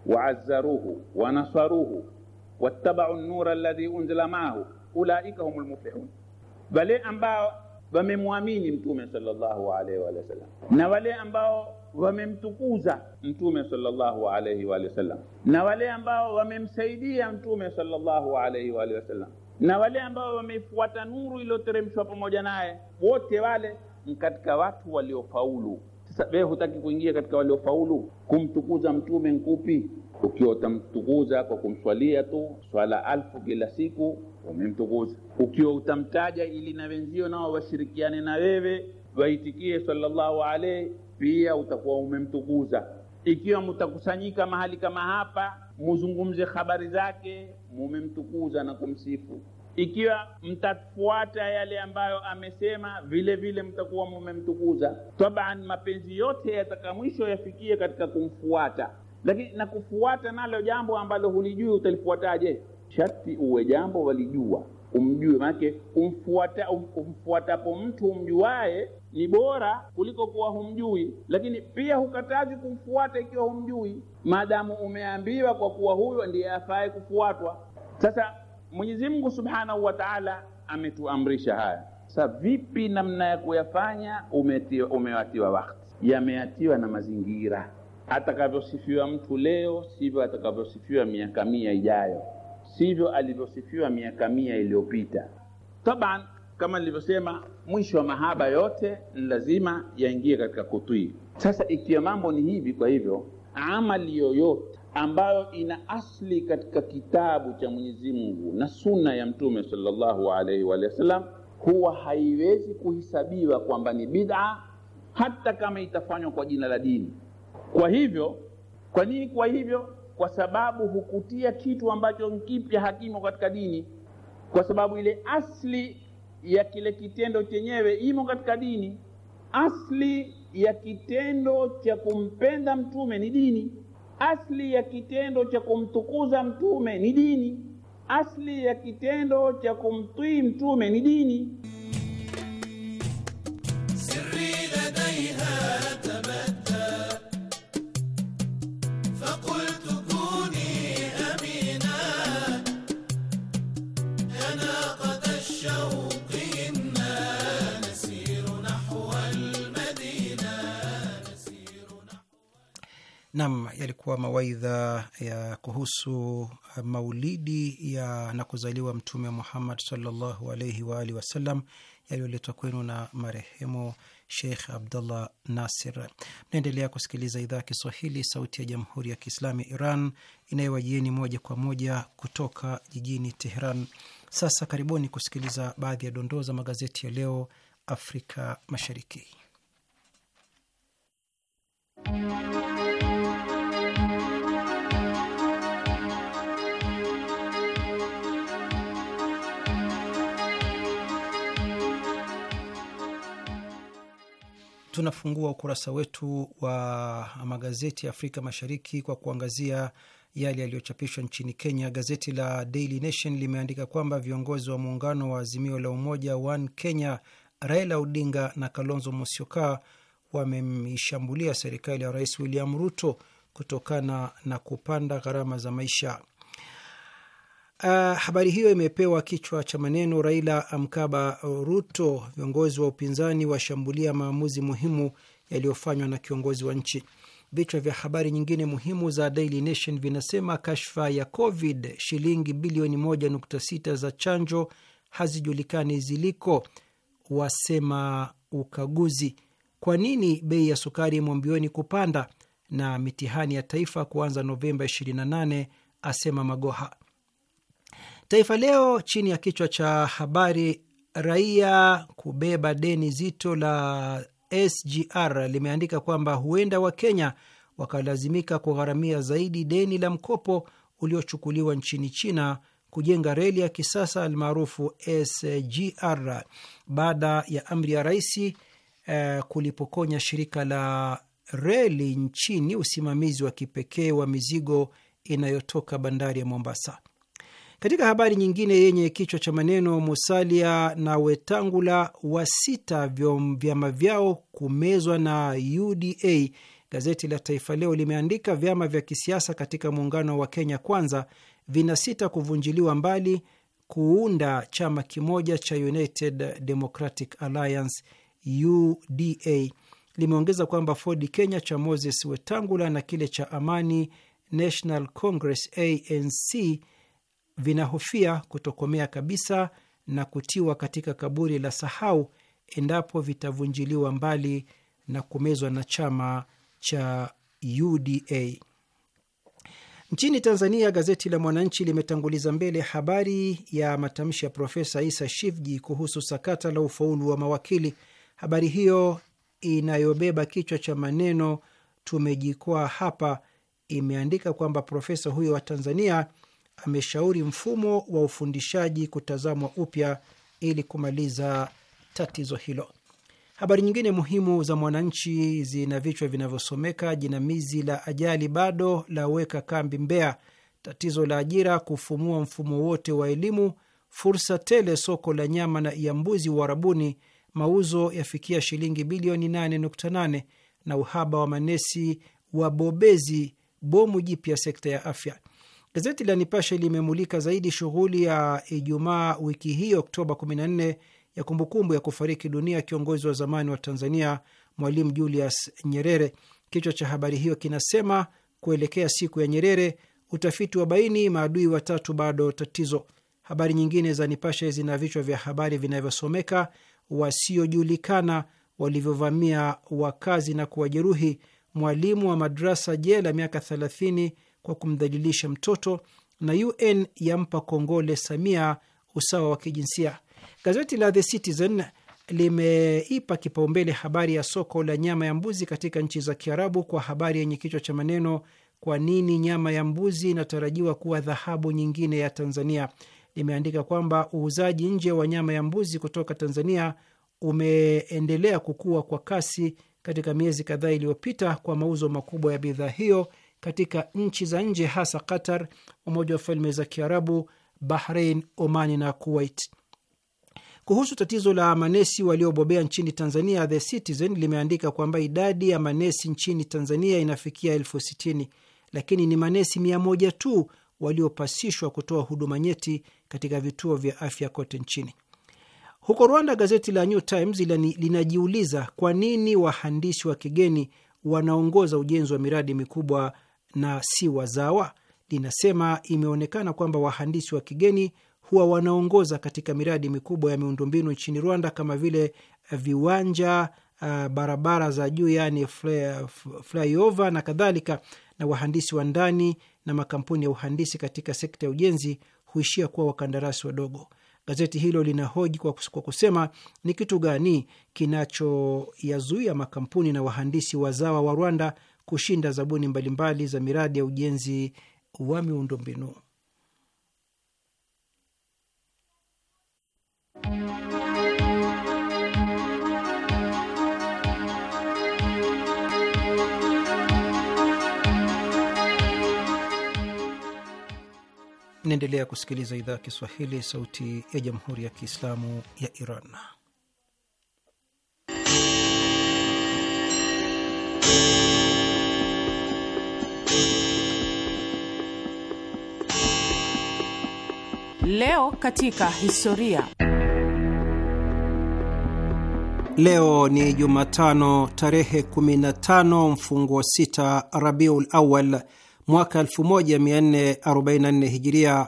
waazzaruhu wanasaruhu wattabau nura alladhi unzila maahu ulaika hum lmuflihun wale ambao wamemwamini mtume sallallahu alayhi wa sallam na wale ambao wamemtukuza mtume sallallahu alayhi wa sallam na wale ambao wamemsaidia mtume sallallahu alayhi wa sallam na wale ambao wamefuata nuru iliyoteremshwa pamoja naye, wote wale ni katika watu waliofaulu. Sasa wewe hutaki kuingia katika waliofaulu? Kumtukuza mtume nkupi? Ukiwa utamtukuza kwa kumswalia tu swala alfu kila siku, umemtukuza. Ukiwa utamtaja ili na wenzio nao washirikiane na wewe waitikie sallallahu alaihi, pia utakuwa umemtukuza. Ikiwa mtakusanyika mahali kama hapa muzungumze habari zake, mumemtukuza na kumsifu. Ikiwa mtafuata yale ambayo amesema, vile vile mtakuwa mumemtukuza. Taban, mapenzi yote yataka mwisho yafikie katika kumfuata, lakini na kufuata nalo jambo ambalo hulijui, utalifuataje? Sharti uwe jambo walijua umjue, manake umfuata um, umfuatapo mtu umjuaye ni bora kuliko kuwa humjui, lakini pia hukatazi kumfuata ikiwa humjui, maadamu umeambiwa kwa kuwa huyo ndiye afaye kufuatwa. Sasa Mwenyezi Mungu Subhanahu wa Ta'ala ametuamrisha haya. Sasa vipi namna ya kuyafanya? Umetiwa, umewatiwa wakati, yameatiwa na mazingira. Atakavyosifiwa mtu leo sivyo atakavyosifiwa miaka mia ijayo sivyo alivyosifiwa miaka mia iliyopita. Taban, kama nilivyosema, mwisho wa mahaba yote ni lazima yaingie katika kutwii Sasa ikiwa mambo ni hivi, kwa hivyo amali yoyote ambayo ina asli katika kitabu cha Mwenyezi Mungu na sunna ya Mtume sallallahu alaihi wa sallam huwa haiwezi kuhisabiwa kwamba ni bid'a hata kama itafanywa kwa jina la dini. Kwa hivyo, kwa nini? Kwa hivyo kwa sababu hukutia kitu ambacho kipya hakimo katika dini, kwa sababu ile asli ya kile kitendo chenyewe imo katika dini. Asli ya kitendo cha kumpenda mtume ni dini. Asli ya kitendo cha kumtukuza mtume ni dini. Asli ya kitendo cha kumtii mtume ni dini. Nam, yalikuwa mawaidha ya kuhusu eh, maulidi ya na kuzaliwa Mtume Muhammad sallallahu alaihi waalihi wasallam yaliyoletwa kwenu na marehemu Sheikh Abdullah Nasir. Mnaendelea kusikiliza idhaa ya Kiswahili, sauti ya jamhuri ya kiislamu ya Iran inayowajieni moja kwa moja kutoka jijini Teheran. Sasa karibuni kusikiliza baadhi ya dondoo za magazeti ya leo Afrika Mashariki. tunafungua ukurasa wetu wa magazeti ya Afrika Mashariki kwa kuangazia yale yaliyochapishwa nchini Kenya. Gazeti la Daily Nation limeandika kwamba viongozi wa muungano wa Azimio la Umoja One Kenya, Raila Odinga na Kalonzo Musyoka wameishambulia serikali ya Rais William Ruto kutokana na kupanda gharama za maisha. Uh, habari hiyo imepewa kichwa cha maneno Raila amkaba Ruto, viongozi wa upinzani washambulia maamuzi muhimu yaliyofanywa na kiongozi wa nchi. Vichwa vya habari nyingine muhimu za Daily Nation vinasema kashfa ya Covid, shilingi bilioni 1.6 za chanjo hazijulikani ziliko, wasema ukaguzi. Kwa nini bei ya sukari mwambioni kupanda? Na mitihani ya taifa kuanza Novemba 28, asema Magoha. Taifa Leo chini ya kichwa cha habari raia kubeba deni zito la SGR limeandika kwamba huenda Wakenya wakalazimika kugharamia zaidi deni la mkopo uliochukuliwa nchini China kujenga reli ya kisasa almaarufu SGR baada ya amri ya rais eh, kulipokonya shirika la reli nchini usimamizi wa kipekee wa mizigo inayotoka bandari ya Mombasa. Katika habari nyingine yenye kichwa cha maneno Musalia na Wetangula wa sita vyama vyao kumezwa na UDA, gazeti la Taifa Leo limeandika vyama vya kisiasa katika muungano wa Kenya Kwanza vina sita kuvunjiliwa mbali kuunda chama kimoja cha United Democratic Alliance UDA. Limeongeza kwamba Ford Kenya cha Moses Wetangula na kile cha Amani National Congress ANC vinahofia kutokomea kabisa na kutiwa katika kaburi la sahau endapo vitavunjiliwa mbali na kumezwa na chama cha UDA. Nchini Tanzania, gazeti la Mwananchi limetanguliza mbele habari ya matamshi ya Profesa Isa Shivji kuhusu sakata la ufaulu wa mawakili. Habari hiyo inayobeba kichwa cha maneno tumejikwaa hapa, imeandika kwamba profesa huyo wa Tanzania ameshauri mfumo wa ufundishaji kutazamwa upya ili kumaliza tatizo hilo. Habari nyingine muhimu za Mwananchi zina vichwa vinavyosomeka: jinamizi la ajali bado laweka kambi Mbeya, tatizo la ajira kufumua mfumo wote wa elimu, fursa tele soko la nyama na ya mbuzi Uarabuni, mauzo yafikia shilingi bilioni 8.8, na uhaba wa manesi wabobezi, bomu jipya sekta ya afya. Gazeti la Nipashe limemulika zaidi shughuli ya Ijumaa wiki hii Oktoba 14 ya kumbukumbu ya kufariki dunia kiongozi wa zamani wa Tanzania Mwalimu Julius Nyerere. Kichwa cha habari hiyo kinasema kuelekea siku ya Nyerere, utafiti wa baini maadui watatu bado tatizo. Habari nyingine za Nipashe zina vichwa vya habari vinavyosomeka wasiojulikana walivyovamia wakazi na kuwajeruhi, mwalimu wa madrasa jela miaka 30 kwa kumdhalilisha mtoto na UN yampa kongole Samia usawa wa kijinsia. Gazeti la The Citizen limeipa kipaumbele habari ya soko la nyama ya mbuzi katika nchi za Kiarabu kwa habari yenye kichwa cha maneno, kwa nini nyama ya mbuzi inatarajiwa kuwa dhahabu nyingine ya Tanzania. Limeandika kwamba uuzaji nje wa nyama ya mbuzi kutoka Tanzania umeendelea kukua kwa kasi katika miezi kadhaa iliyopita kwa mauzo makubwa ya bidhaa hiyo katika nchi za nje, hasa Qatar, Umoja wa Falme za Kiarabu, Bahrain, Omani na Kuwait. Kuhusu tatizo la manesi waliobobea nchini Tanzania, The Citizen limeandika kwamba idadi ya manesi nchini Tanzania inafikia elfu sitini lakini ni manesi mia moja tu waliopasishwa kutoa huduma nyeti katika vituo vya afya kote nchini. Huko Rwanda, gazeti la New Times linajiuliza kwa nini wahandisi wa kigeni wanaongoza ujenzi wa miradi mikubwa na si wazawa, linasema imeonekana kwamba wahandisi wa kigeni huwa wanaongoza katika miradi mikubwa ya miundombinu nchini Rwanda kama vile viwanja Uh, barabara za juu yaani flyover na kadhalika, na wahandisi wa ndani na makampuni ya uhandisi katika sekta ya ujenzi huishia kuwa wakandarasi wadogo. Gazeti hilo linahoji kwa kusema ni kitu gani kinachoyazuia makampuni na wahandisi wazawa wa Rwanda kushinda zabuni mbalimbali za miradi ya ujenzi wa miundombinu. Naendelea kusikiliza idhaa ya Kiswahili, sauti ya jamhuri ya kiislamu ya Iran. Leo katika historia. Leo ni Jumatano tarehe 15 wa sita Rabiul Awal mwaka 1444 Hijiria,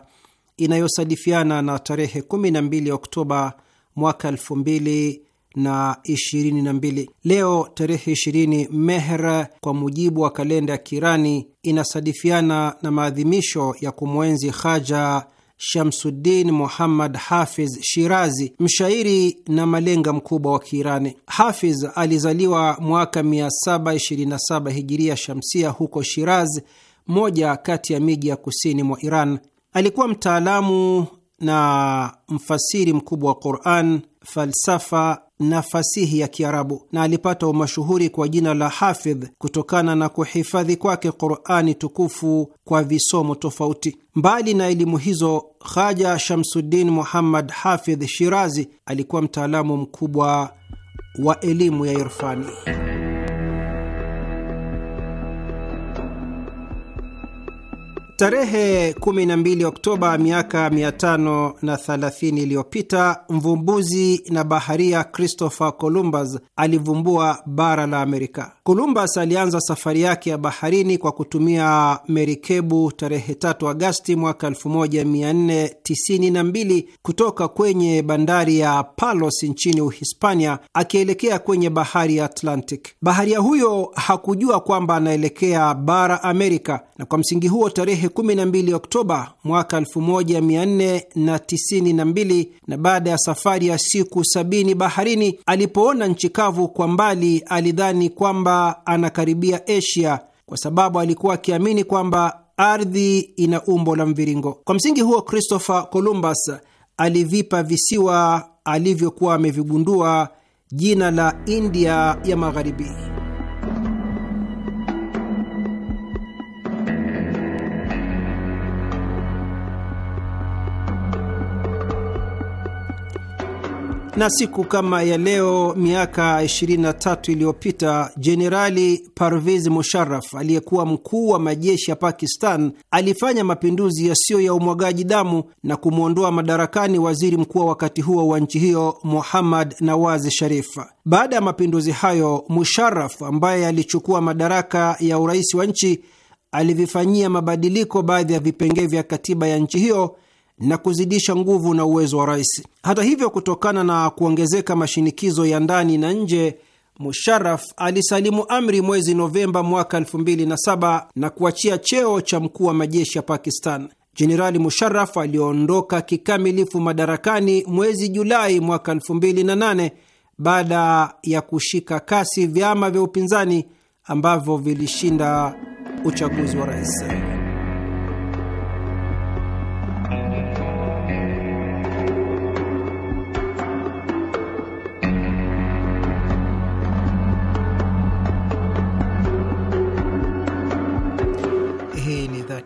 inayosadifiana na tarehe 12 Oktoba mwaka 2022. Leo tarehe 20 Mehr kwa mujibu wa kalenda ya Kirani inasadifiana na maadhimisho ya kumwenzi haja Shamsuddin Muhammad Hafiz Shirazi, mshairi na malenga mkubwa wa Kiirani. Hafiz alizaliwa mwaka 727 hijiria shamsia huko Shiraz, moja kati ya miji ya kusini mwa Iran. Alikuwa mtaalamu na mfasiri mkubwa wa Quran, falsafa na fasihi ya Kiarabu na alipata umashuhuri kwa jina la Hafidh kutokana na kuhifadhi kwake Qurani tukufu kwa visomo tofauti. Mbali na elimu hizo, Khaja Shamsuddin Muhammad Hafidh Shirazi alikuwa mtaalamu mkubwa wa elimu ya irfani. Tarehe 12 Oktoba miaka 530 iliyopita mvumbuzi na baharia Christopher Columbus alivumbua bara la Amerika. Columbus alianza safari yake ya baharini kwa kutumia merikebu tarehe 3 Agasti mwaka 1492 kutoka kwenye bandari ya Palos nchini Uhispania akielekea kwenye bahari ya Atlantic. Baharia huyo hakujua kwamba anaelekea bara Amerika, na kwa msingi huo tarehe 12 Oktoba mwaka 1492 na baada ya safari ya siku sabini baharini, alipoona nchi kavu kwa mbali, alidhani kwamba anakaribia Asia kwa sababu alikuwa akiamini kwamba ardhi ina umbo la mviringo. Kwa msingi huo, Christopher Columbus alivipa visiwa alivyokuwa amevigundua jina la India ya Magharibi. na siku kama ya leo miaka 23 iliyopita Jenerali Parvez Musharraf aliyekuwa mkuu wa majeshi ya Pakistan alifanya mapinduzi yasiyo ya umwagaji damu na kumwondoa madarakani waziri mkuu wa wakati huo wa nchi hiyo Muhammad Nawaz Sharif. Baada ya mapinduzi hayo, Musharraf ambaye alichukua madaraka ya urais wa nchi alivifanyia mabadiliko baadhi ya vipengee vya katiba ya nchi hiyo na kuzidisha nguvu na uwezo wa rais. Hata hivyo, kutokana na kuongezeka mashinikizo ya ndani na nje, Musharaf alisalimu amri mwezi Novemba mwaka 2007 na kuachia cheo cha mkuu wa majeshi ya Pakistan. Jenerali Musharaf aliondoka kikamilifu madarakani mwezi Julai mwaka 2008 baada ya kushika kasi vyama vya upinzani ambavyo vilishinda uchaguzi wa rais.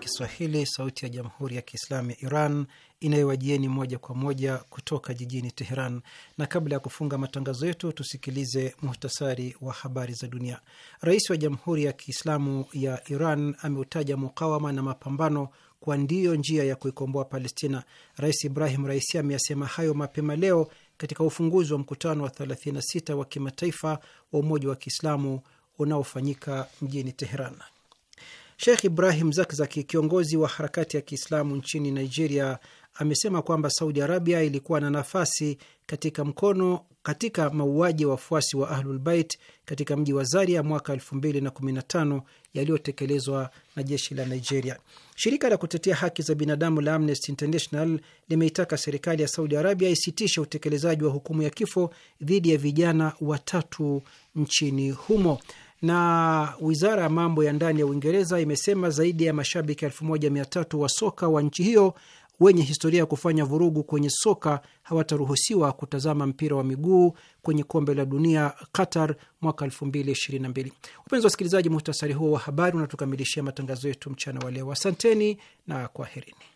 Kiswahili, sauti ya jamhuri ya kiislamu ya Iran inayowajieni moja kwa moja kutoka jijini Teheran. Na kabla ya kufunga matangazo yetu, tusikilize muhtasari wa habari za dunia. Rais wa Jamhuri ya Kiislamu ya Iran ameutaja mukawama na mapambano kwa ndiyo njia ya kuikomboa Palestina. Rais Ibrahim Raisi ameyasema hayo mapema leo katika ufunguzi wa mkutano wa 36 wa kimataifa wa Umoja wa Kiislamu unaofanyika mjini Teheran. Sheikh Ibrahim Zakzaki, kiongozi wa harakati ya Kiislamu nchini Nigeria, amesema kwamba Saudi Arabia ilikuwa na nafasi katika mkono katika mauaji ya wafuasi wa Ahlulbait katika mji wa Zaria mwaka 2015 yaliyotekelezwa na jeshi la Nigeria. Shirika la kutetea haki za binadamu la Amnesty International limeitaka serikali ya Saudi Arabia isitishe utekelezaji wa hukumu ya kifo dhidi ya vijana watatu nchini humo na wizara ya mambo ya ndani ya Uingereza imesema zaidi ya mashabiki 13 wa soka wa nchi hiyo wenye historia ya kufanya vurugu kwenye soka hawataruhusiwa kutazama mpira wa miguu kwenye kombe la dunia Qatar mwaka 2022. Upenzi wa wasikilizaji, muhtasari huo wa habari unatukamilishia matangazo yetu mchana wa leo. Asanteni na kwaherini.